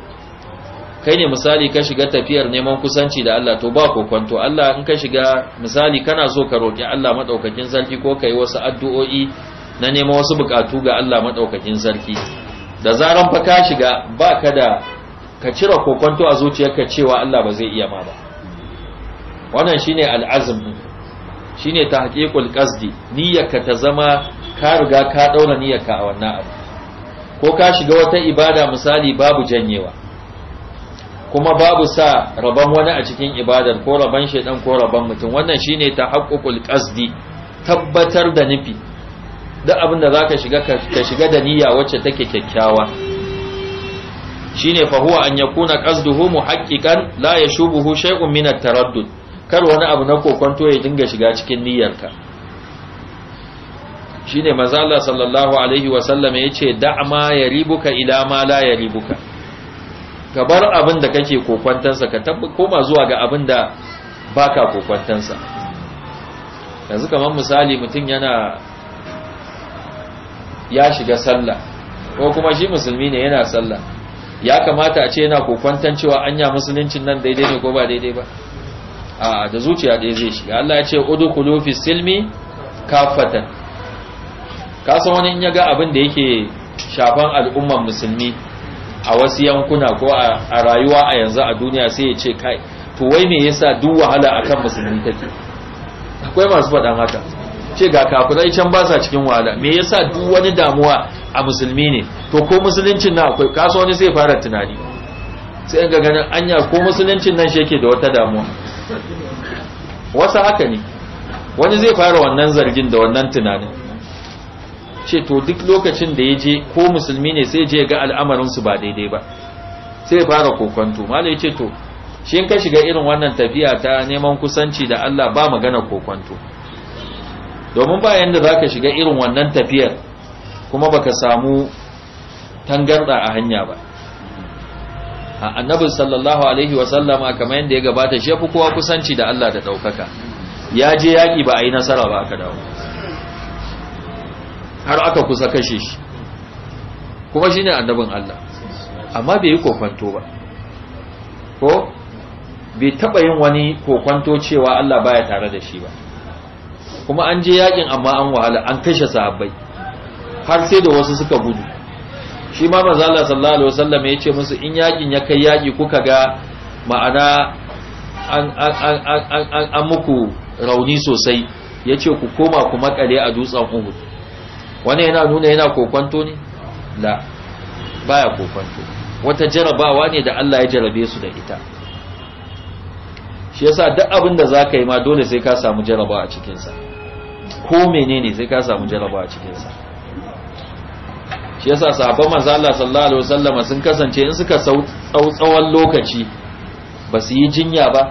kai ne misali ka shiga tafiyar neman kusanci da Allah to ba kokonto Allah in ka shiga misali kana so ka roki Allah madaukakin sarki ko kai wasu addu'o'i na neman wasu bukatu ga Allah madaukakin sarki da zaran fa ka shiga ba ka da ka cire kokonto a zuciyarka cewa Allah ba zai iya ma ba wannan shine al'azm shine tahqiqul qasdi ka ta zama ka riga ka daura niyyarka a wannan abu ko ka shiga wata ibada misali babu janyewa kuma babu sa rabon wani a cikin ibadar ko rabon shaidan ko rabon mutum wannan shine tahaqququl qasdi tabbatar da nufi duk abin da zaka shiga ka shiga da niyya wacce take kyakkyawa shine fa huwa an yakuna qasduhu muhaqqiqan la yashubuhu shay'un min at-taraddud kar wani abu na kokonto ya dinga shiga cikin niyyarka shine manzo Allah sallallahu alaihi ce da'ama ya ribuka ila ma la ya ribuka. ka bar abin da kake kokwantansa ka tabba koma zuwa ga abin da baka kokwantansa yanzu kamar misali mutum yana ya shiga sallah ko kuma shi musulmi ne yana sallah ya kamata a ce yana kokwantan cewa anya musuluncin nan daidai ne ko ba daidai ba a da zuciya ɗaya zai shiga Allah ya ce udkhulu fi silmi kafatan ka san wani in ya ga abin da yake shafan al'umman musulmi a wasu yankuna ko a rayuwa a yanzu a duniya sai ya ce kai to wai me yasa duk wahala akan musulmi take akwai masu faɗan haka ce ga kafirai can ba sa cikin wahala me yasa duk wani damuwa a musulmi ne to ko musuluncin nan akwai kaso wani sai fara tunani sai ga ganin anya ko musuluncin nan shi yake da wata damuwa wasu haka ne wani zai fara wannan zargin da wannan tunanin ce to duk lokacin da ya je ko musulmi ne sai je ga al'amarinsu ba daidai ba sai fara kokonto ma ce to shi ka shiga irin wannan tafiya ta neman kusanci da Allah ba magana kokonto domin ba yanda za ka shiga irin wannan tafiyar kuma baka samu tangarɗa a hanya ba annabin sallallahu alaihi wasallama kamar yadda ya gabata shi fi kowa kusanci da Allah da ɗaukaka ya je yaki ba a yi nasara ba aka dawo har aka kusa kashe shi kuma shi ne annabin Allah amma bai yi kokwanto ba ko bai taɓa yin wani kokwanto cewa Allah baya tare da shi ba kuma an je yakin amma an wahala an kashe sahabbai har sai da wasu suka gudu shi ma manzo Allah sallallahu alaihi wasallam ya ce musu in yakin ya kai yaki kuka ga ma'ana an an an an an, an muku rauni sosai ya ce ku koma ku makare a dutsen Uhud wannan yana nuna yana kokwanto ne la baya kokwanto wata jarabawa ne da Allah ya jarabe su da ita shi yasa duk abin da zaka yi ma dole sai ka samu jaraba a cikin sa ko menene sai ka samu jaraba a cikin sa shi yasa sahabban manzo Allah sallallahu alaihi wasallam sun kasance in suka tsawon lokaci ba su yi jinya ba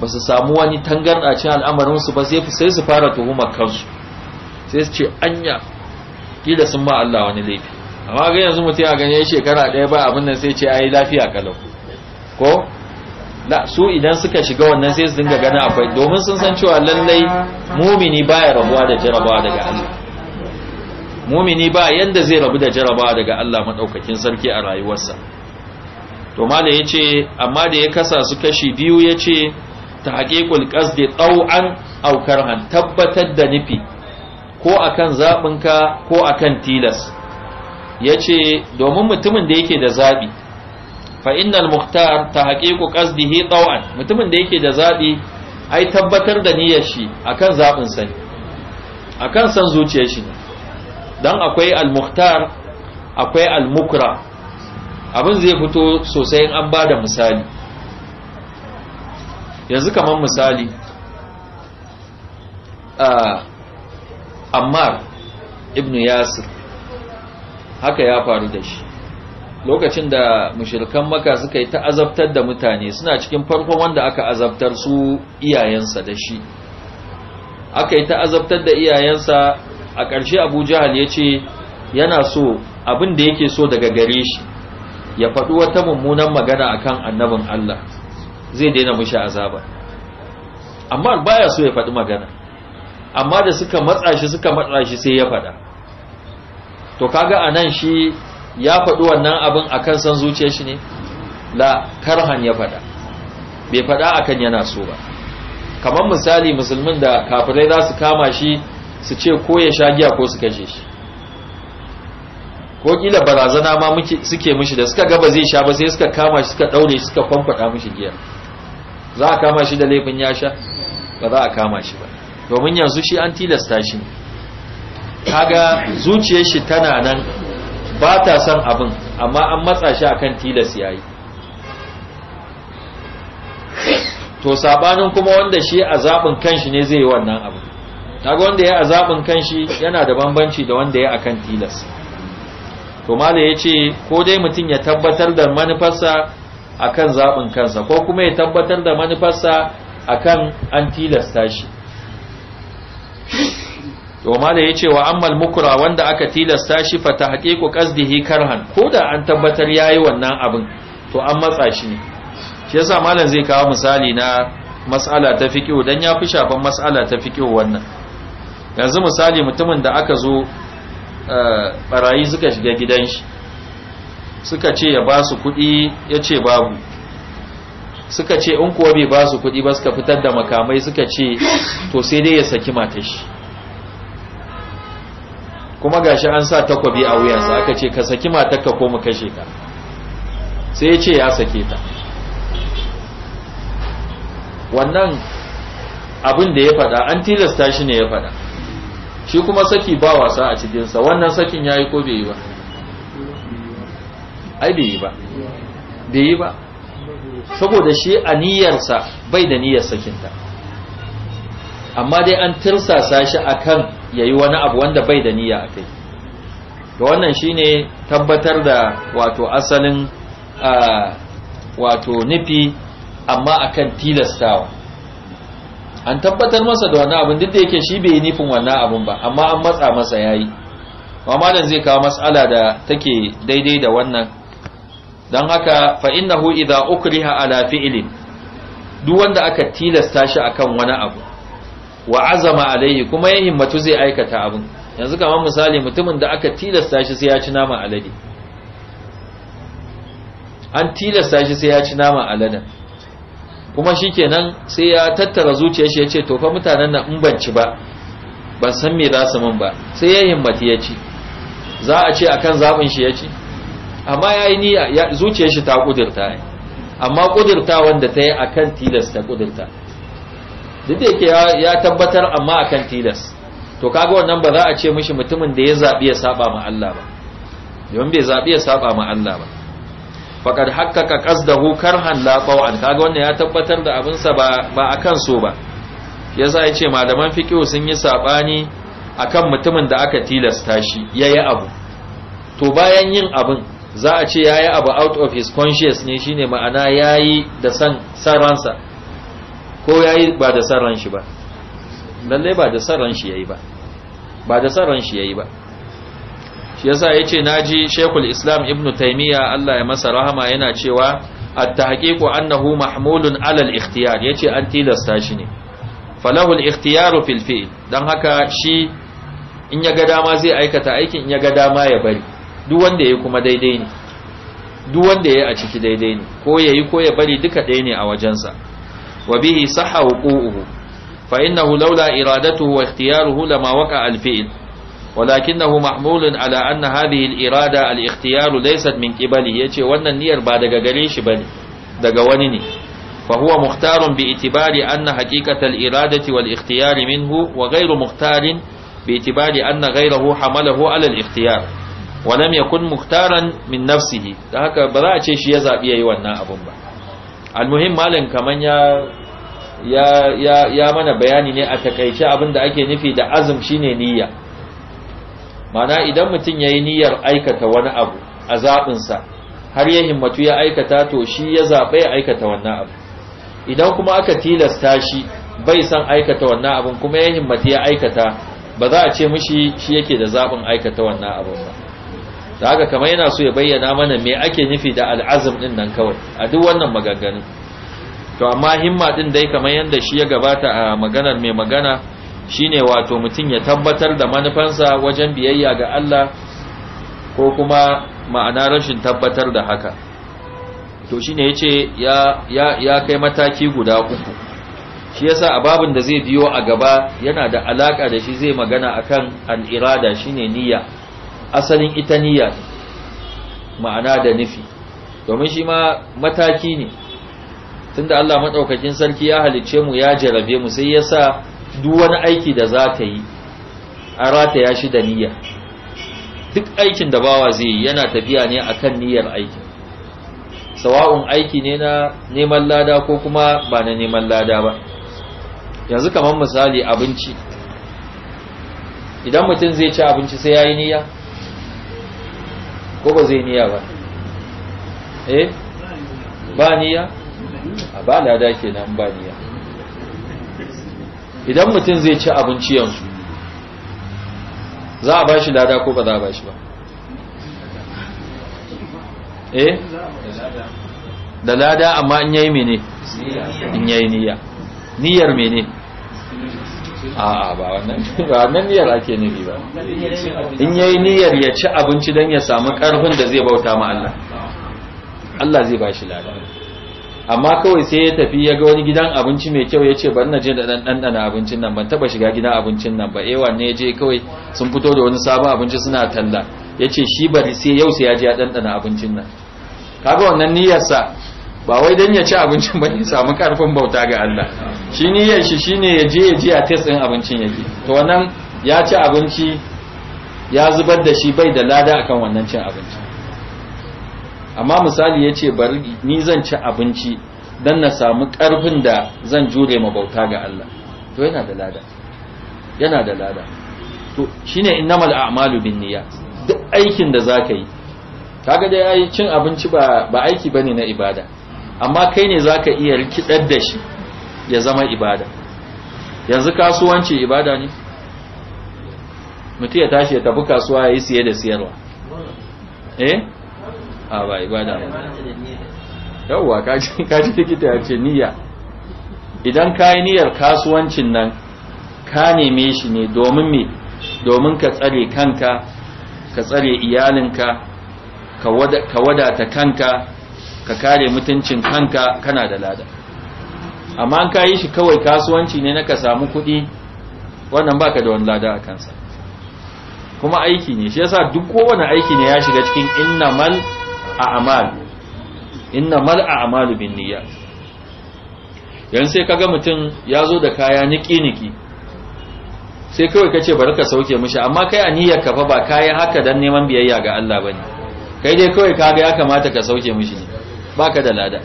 ba su samu wani tangarda cikin al'amarin su ba sai sai su fara tuhumar kansu sai su ce anya kila sun ba Allah wani laifi amma ga yanzu mutum ya gane shekara ɗaya ba abin nan sai ce ai lafiya kalau ko la su idan suka shiga wannan sai su dinga gana akwai domin sun san cewa lallai mumini baya rabuwa da jarabawa daga Allah mumini ba yanda zai rabu da jaraba daga Allah madaukakin sarki a rayuwarsa to malam yace amma da ya kasa su kashi biyu yace tahqiqul qasdi taw'an aw karhan tabbatar da nufi ko akan zabinka ko akan tilas yace domin mutumin da yake da zabi fa innal muhtar tahqiqu qasdihi taw'an mutumin da yake da zabi ai tabbatar da niyyar shi akan zabin sa akan san zuciyar shi don akwai al-mukhtar akwai al-mukra abin zai fito sosai in an ba da misali yanzu kamar misali ammar ibn yasir haka ya faru da shi lokacin da mushirkan maka suka yi ta azabtar da mutane suna cikin farkon wanda aka azabtar su iyayensa da shi aka yi ta azabtar da iyayensa a ƙarshe abu jihar ya ce yana so abin da yake so daga gare shi ya faɗi wata mummunan magana a kan annabin Allah zai daina mushi azaba amma baya so ya faɗi magana amma da suka matsa shi suka matsa shi sai ya faɗa to kaga anan shi ya faɗi wannan abin akan san zuciyar shi ne la karhan ya faɗa bai faɗa akan yana so ba kamar misali musulmin da kafirai za su kama shi su ce ko ya sha giya ko su kashe shi ko kila barazana ma suke mishi da suka gaba zai sha ba sai suka kama shi suka daure shi suka kwankwada mishi giya za a kama shi da laifin ya sha ba za a kama shi ba domin yanzu shi an tilasta shi kaga zuciyar shi tana nan ba ta son abin amma an matsa shi akan tilas yayi to sabanin kuma wanda shi a zaɓin kanshi ne zai yi wannan abu kaga wanda ya azabin kanshi yana da bambanci da wanda ya akan tilas to mala yace ko dai mutum ya tabbatar da manufarsa akan zabin kansa ko kuma ya tabbatar da manufarsa akan an tilasta shi to mala yace wa ammal mukra wanda aka tilasta shi fa tahqiqu qasdihi karhan ko da an tabbatar yayi wannan abin to an matsa shi ne shi yasa malam zai kawo misali na mas'ala ta fiqh dan ya fi shafan mas'ala ta fiqh wannan yanzu misali mutumin da aka zo eh, barayi suka shiga gidan shi suka ce ya ba su kuɗi ya ce babu suka ce in kuwa bai ba su kuɗi ba suka fitar da makamai suka ce to sai dai ya saki mata shi kuma gashi an sa takwabi a wuyansa aka ce ka saki mata ka koma kashe ka sai ya ce ya sake ta wannan abin da ya faɗa an tilasta shi ne ya faɗa shi kuma saki ba wasa a cikinsa wannan sakin ya yi ko bai yi ba ai bai yi ba bai yi ba saboda shi a niyyarsa bai da niyyar sakinta amma dai an tirsasa shi akan yayi wani abu wanda bai da niyya a kai da wannan shine tabbatar da wato asalin ah, wato nufi amma akan tilastawa an tabbatar masa da wani abin duk da yake shi bai yi nufin wannan abin ba amma an matsa masa yayi mamalin zai kawo mas'ala da take daidai da wannan dan haka fa innahu idza ukriha ala fi'lin duk wanda aka tilasta shi akan wani abu wa azama alaihi kuma ya himmatu zai aikata abin yanzu kamar misali mutumin da aka tilasta shi sai ya ci nama alade an tilasta shi sai ya ci nama aladen kuma shikenan sai ya tattara zuciyar shi ya ce to fa mutanen nan in ban ci ba ban san me za su min ba sai ya himmati ya ci za a ce akan zaɓin shi ya ci amma ya yi niyya zuciyar shi ta ƙudurta ne amma ƙudurta wanda ta yi akan tilas ta ƙudurta duk da yake ya tabbatar amma akan tilas to kaga wannan ba za a ce mishi mutumin da ya zaɓi ya saba ma Allah ba yawan bai zaɓi ya saba ma Allah ba faqad hakkaka qasdahu karhan la tawan kaga wannan ya tabbatar da abin sa ba ba akan so ba yasa yace malaman fiqh sun yi sabani akan mutumin da aka tilasta shi yayi abu to bayan yin abin za a ce yayi abu out of his conscience ne shine ma'ana yayi da san san ransa ko yayi ba da san ran shi ba lalle ba da san ran shi yayi ba ba da san ran shi yayi ba shi yasa yace naji Sheikhul Islam Ibn Taymiyyah Allah ya masa rahama yana cewa at-tahqiqu annahu mahmulun ala al-ikhtiyar yace an tilasta shi ne falahu al-ikhtiyaru fil fi'l dan haka shi in ya ga dama zai aikata aikin in ya ga dama ya bari duk wanda yayi kuma daidai ne duk wanda yayi a ciki daidai ne ko yayi ko ya bari duka ɗaya ne a wajensa wa bihi sahha wuqu'uhu fa innahu laula iradatuhu wa ikhtiyaruhu lama waqa al-fi'l ولكنه محمول على أن هذه الإرادة الاختيار ليست من قبله يتي وأن النير بعد قريش بني دقوانني فهو مختار باعتبار أن حقيقة الإرادة والاختيار منه وغير مختار باعتبار أن غيره حمله على الاختيار ولم يكن مختارا من نفسه هكا براءة شيء يزعب يوانا أبو المهم مالا كمان يا ya ya ya mana bayani ne a takaice abin da ake nufi da azum shine niyya mana idan mutum ya yi niyyar aikata wani abu a zaɓinsa har ya himmatu ya aikata to shi ya zaɓe ya aikata wannan abu idan kuma aka tilasta shi bai san aikata wannan abin kuma ya himmatu ya aikata ba za a ce mishi shi yake da zaɓin aikata wannan abin ba da haka kamar yana so ya bayyana mana me ake nufi da al'azum ɗin nan kawai a duk wannan maganganun to amma himma ɗin dai kamar yadda shi ya gabata a maganar mai magana shine wato mutum ya tabbatar da manufansa wajen biyayya ga Allah ko kuma ma'ana rashin tabbatar da haka to shine yace ya ya ya kai mataki guda uku shi yasa sa ababin da zai biyo a gaba yana da alaƙa da shi zai magana akan al-irada shine niyya asalin ita niyya ma'ana da nufi domin shi ma mataki ne tunda Allah madaukakin sarki ya halicce mu ya jarabe mu sai ya sa. duk wani aiki da za ka yi a rataya shi da niyya duk aikin da bawa zai yi yana tafiya ne a kan niyyar aikin sawa'un aiki ne na neman lada ko kuma ba na neman lada ba yanzu kamar misali abinci idan mutum zai ci abinci sai ya yi niyya ko ba zai niyya ba eh ba niyya a ba lada ke nan ba niyya idan mutum zai ci abinci yanzu za a ba shi lada ko ba za a ba shi ba eh da lada amma in yayi mene in yayi niyya niyyar mene a'a ba wannan ba wannan niyyar ake nufi ba in yayi niyyar ya ci abinci dan ya samu karfin da zai bauta ma Allah Allah zai ba shi lada amma kawai sai ya tafi ya ga wani gidan abinci mai kyau ya ce bari na je da dan dandana abincin nan ban taba shiga gidan abincin nan ba eh wanne ya je kawai sun fito da wani sabon abinci suna talla ya ce shi bari sai yau sai ya je ya dandana abincin nan kaga wannan niyyarsa ba wai dan ya ci abincin ba ne samu karfin bauta ga Allah shi niyyar shi shine ya je ya je a test din abincin yake to wannan ya ci abinci ya zubar da shi bai da lada akan wannan cin abinci amma misali ya ce bari ni zan ci abinci don na samu ƙarfin da zan jure ma bauta ga Allah to yana da lada yana da lada to shine innamal a'malu Niyya duk aikin da zaka yi kaga dai ai cin abinci ba ba ne na ibada amma kai ne zaka iya rikidar da shi ya zama ibada yanzu kasuwanci ibada ne mutum ya tashi ya tafi kasuwa ya yi siye da siyarwa eh a ba ibada ba yawwa kaji likita ya ce niyya idan ka yi niyyar kasuwancin nan ka neme shi ne domin me domin ka tsare kanka ka tsare iyalinka ka wadata kanka ka kare mutuncin kanka kana da lada amma an ka yi shi kawai kasuwanci ne na ka samu kuɗi wannan baka da wani lada a kansa kuma aiki ne shi yasa duk kowane aiki ne ya shiga cikin innamal a'mal innamal a'malu niyya yan sai kaga mutum ya zo da kaya niki niki sai kawai kace bari ka sauke mishi amma kai a niyyar ka fa ba kayan haka dan neman biyayya ga Allah bane kai dai kawai kaga ya kamata ka sauke mishi ne baka da lada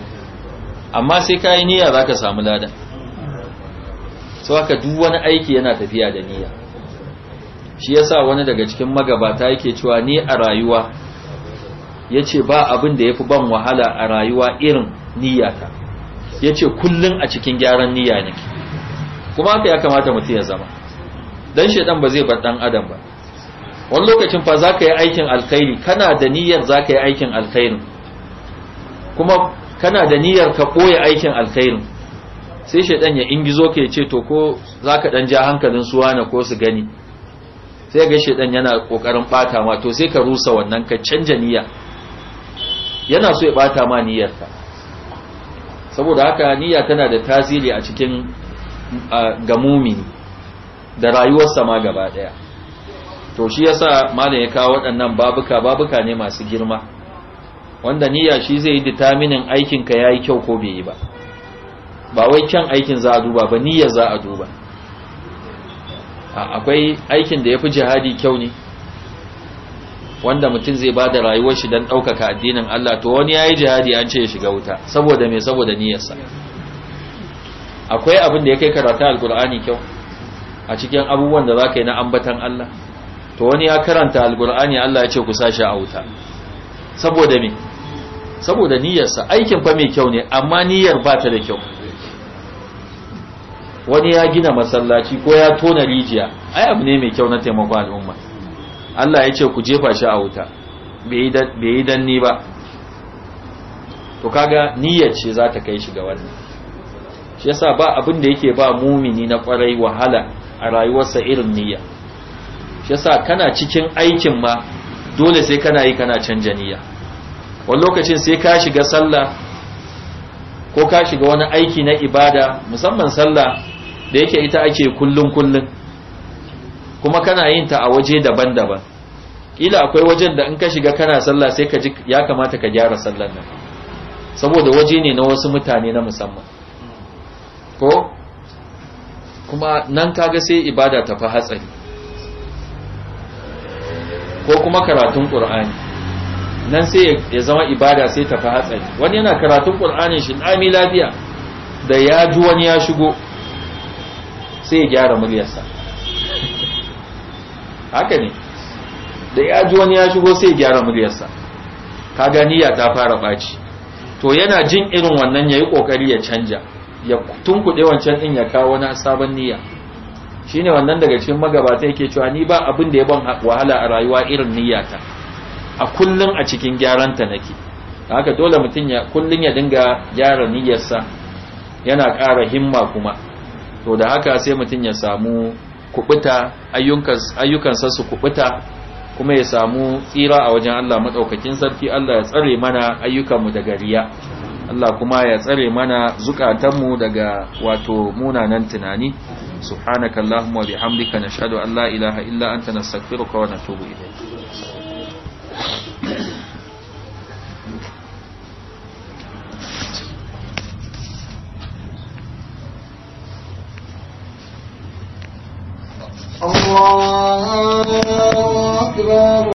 amma sai kai niyya zaka samu lada Sau haka duk wani aiki yana tafiya da niyya shi yasa wani daga cikin magabata yake cewa ni a rayuwa ya ce ba abin da ya fi ban wahala a rayuwa irin niyyata ya ce kullum a cikin gyaran niyya ne kuma haka ya kamata mutum ya zama don shaidan ba zai bar dan adam ba wani lokacin fa za ka yi aikin alkhairi kana da niyyar za ka yi aikin alkhairin kuma kana da niyyar ka ɓoye aikin alkhairin sai shaidan ya ingizo ka ya ce to ko za ka ɗan ja hankalin suwa na ko su gani sai ga shaidan yana ƙoƙarin ɓata ma to sai ka rusa wannan ka canja niyya yana so ya bata ma niyyarka saboda haka niyya tana da tasiri a cikin ga mumini da rayuwarsa ma gaba daya to shi yasa malam ya kawo waɗannan babuka babuka ne masu girma wanda niyya shi zai yi determining aikin ka yayi kyau ko bai yi ba ba wai kyan aikin za a duba ba niyyar za a duba akwai aikin da yafi jihadi kyau ne wanda mutum zai bada rayuwar shi dan daukaka addinin Allah to wani yayi jihadi an ce ya shiga wuta saboda me saboda niyyarsa akwai abin da ya kai karatu alqur'ani kyau a cikin abubuwan da zaka yi na ambatan Allah to wani ya karanta alqur'ani Allah ya ce ku sashi a wuta saboda me saboda niyyarsa aikin fa mai kyau ne amma niyyar ba ta da kyau wani ya gina masallaci ko ya tona rijiya ai abu ne mai kyau na taimako al'umma Allah ya ce ku jefa shi a wuta bai yi danni ba to kaga niyyar ce za ta kai shi ga wannan shi yasa ba abin da yake ba mumini na kwarai wahala a rayuwarsa irin niyya shi yasa kana cikin aikin ma dole sai kana yi kana canja niyya wani lokacin sai ka shiga sallah ko ka shiga wani aiki na ibada musamman sallah da yake ita ake kullun kullun kuma kana yin ta a waje daban-daban Ila akwai wajen da in ka shiga kana sallah sai ka ji ya kamata ka gyara sallar nan saboda waje ne na wasu mutane na musamman ko kuma nan kaga sai ibada ta fa hatsari ko kuma karatun qur'ani nan sai ya zama ibada sai ta fa hatsari wani yana karatun qur'ani shi ami lafiya da ya ji wani ya shigo sai ya gyara muryarsa haka ne da ya ji wani ya shigo sai gyara muryarsa ka niyya ta fara ɓaci to yana jin irin wannan yayi yi ya canja ya tunkuɗe wancan din ya kawo wani sabon niyya shine wannan daga cikin magabata yake cewa ni ba abin da ya ban wahala a rayuwa irin niyyata a kullum a cikin gyaranta nake haka dole mutum ya kullum ya dinga gyara niyyarsa yana ƙara himma kuma to da haka sai mutum ya samu kubuta ayyukansa su kubuta kuma ya samu tsira a wajen Allah maɗaukakin sarki Allah ya tsare mana ayyukanmu daga riya Allah kuma ya tsare mana zukatanmu daga wato munanan tunani subhanakallahumma wa bihamdika nashhadu an Alla'ilaha illa anta nastaghfiruka wa natubu الله أكبر